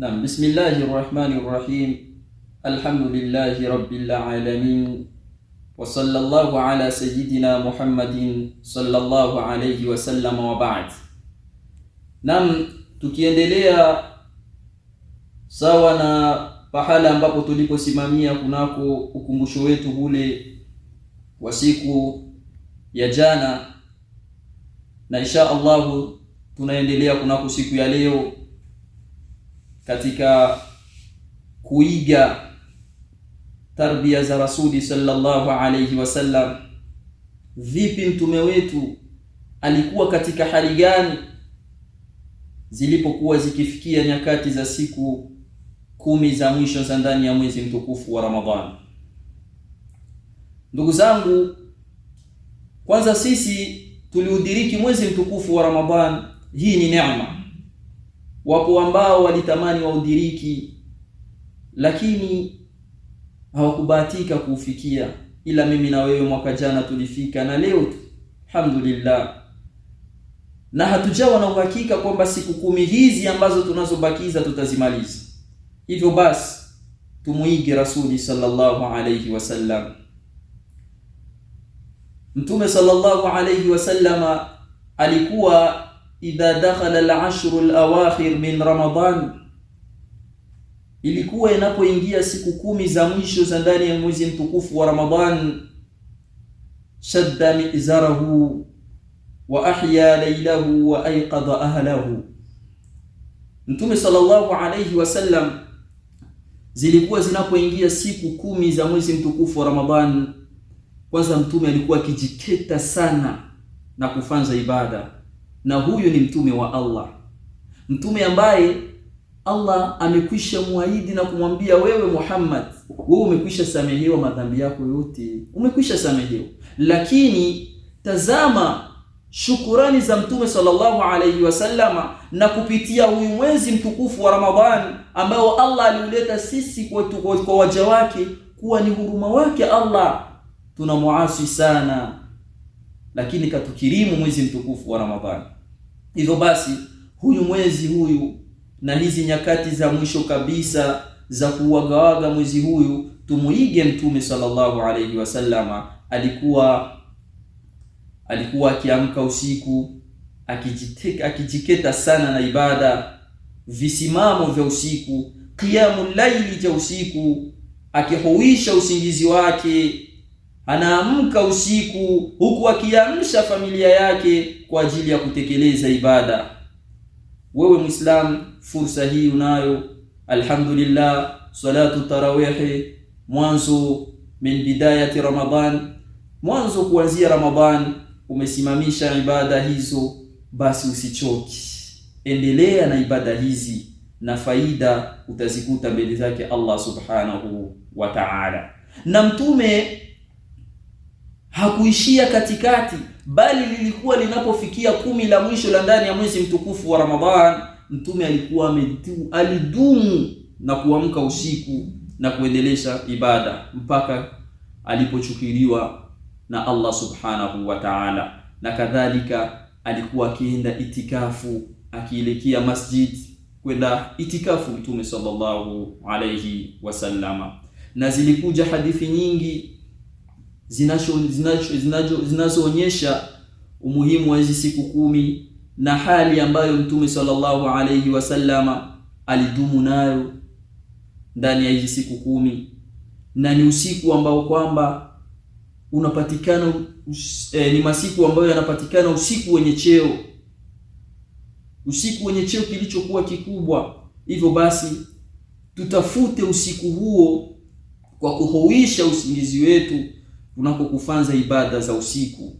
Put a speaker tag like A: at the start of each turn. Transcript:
A: Naam, bismillahir rahmanir rahim alhamdulillahi rabbil alamin wa sallallahu ala sayyidina Muhammadin sallallahu alayhi wa sallam wa ba'd. Naam, tukiendelea sawa na pahala ambapo tuliposimamia kunako ukumbusho wetu ule wa siku ya jana, na insha Allahu tunaendelea kunako siku ya leo katika kuiga tarbia za rasuli sallallahu alayhi wasallam. Vipi mtume wetu alikuwa katika hali gani zilipokuwa zikifikia nyakati za siku kumi za mwisho za ndani ya mwezi mtukufu wa Ramadhani? Ndugu zangu, kwanza sisi tuliudiriki mwezi mtukufu wa Ramadhani, hii ni neema Wapo ambao walitamani waudiriki, lakini hawakubahatika kuufikia, ila mimi na wewe mwaka jana tulifika na leo tu alhamdulillah, na hatujawa na uhakika kwamba siku kumi hizi ambazo tunazobakiza tutazimaliza. Hivyo basi tumuige Rasuli sallallahu alayhi wasallam. Mtume sallallahu alayhi wasallama alikuwa idha dakhala al ashr al-awakhir min Ramadan, ilikuwa inapoingia siku kumi za mwisho za ndani ya mwezi mtukufu wa Ramadan, shadda mizarahu wa ahya laylahu wa ayqadha ahlahu. Mtume sallallahu alayhi sallam zilikuwa zinapoingia siku kumi za mwezi mtukufu wa ramadan kwanza Mtume alikuwa akijiketa sana na kufanza ibada na huyu ni mtume wa Allah, mtume ambaye Allah amekwisha muahidi na kumwambia wewe Muhammad, wewe umekwisha samehewa madhambi yako yote, umekwisha samehewa. Lakini tazama shukurani za mtume sallallahu alayhi wasallama, na kupitia huyu mwezi mtukufu wa Ramadhani ambao Allah aliuleta sisi kwa, kwa waja wake kuwa ni huruma wake Allah, tunamuasi sana lakini katukirimu mwezi mtukufu wa Ramadhani. Hivyo basi huyu mwezi huyu na hizi nyakati za mwisho kabisa za kuwagawaga mwezi huyu tumuige Mtume sallallahu alayhi wasallama. Alikuwa alikuwa akiamka usiku akijiteka, akijiketa sana na ibada, visimamo vya usiku, qiyamul laili cha usiku, akihuisha usingizi wake anaamka usiku huku akiamsha familia yake kwa ajili ya kutekeleza ibada. Wewe Muislamu, fursa hii unayo. Alhamdulillah, salatu tarawihi mwanzo min bidayati Ramadan, mwanzo kuanzia Ramadan umesimamisha ibada hizo, basi usichoki, endelea na ibada hizi na faida utazikuta mbele zake Allah subhanahu wa ta'ala. Na mtume hakuishia katikati, bali lilikuwa linapofikia kumi la mwisho la ndani ya mwezi mtukufu wa Ramadhan, mtume alikuwa ametu, alidumu na kuamka usiku na kuendelesha ibada mpaka alipochukiliwa na Allah subhanahu wa ta'ala. Na kadhalika alikuwa akienda itikafu, akielekea masjid kwenda itikafu mtume sallallahu alayhi wasallama, na zilikuja hadithi nyingi zinazoonyesha umuhimu wa hizi siku kumi na hali ambayo Mtume sallallahu alayhi wasallam alidumu nayo ndani ya hizi siku kumi, na ni usiku ambao kwamba unapatikana eh, ni masiku ambayo yanapatikana usiku wenye cheo, usiku wenye cheo kilichokuwa kikubwa. Hivyo basi tutafute usiku huo kwa kuhoisha usingizi wetu unapokufanza ibada za usiku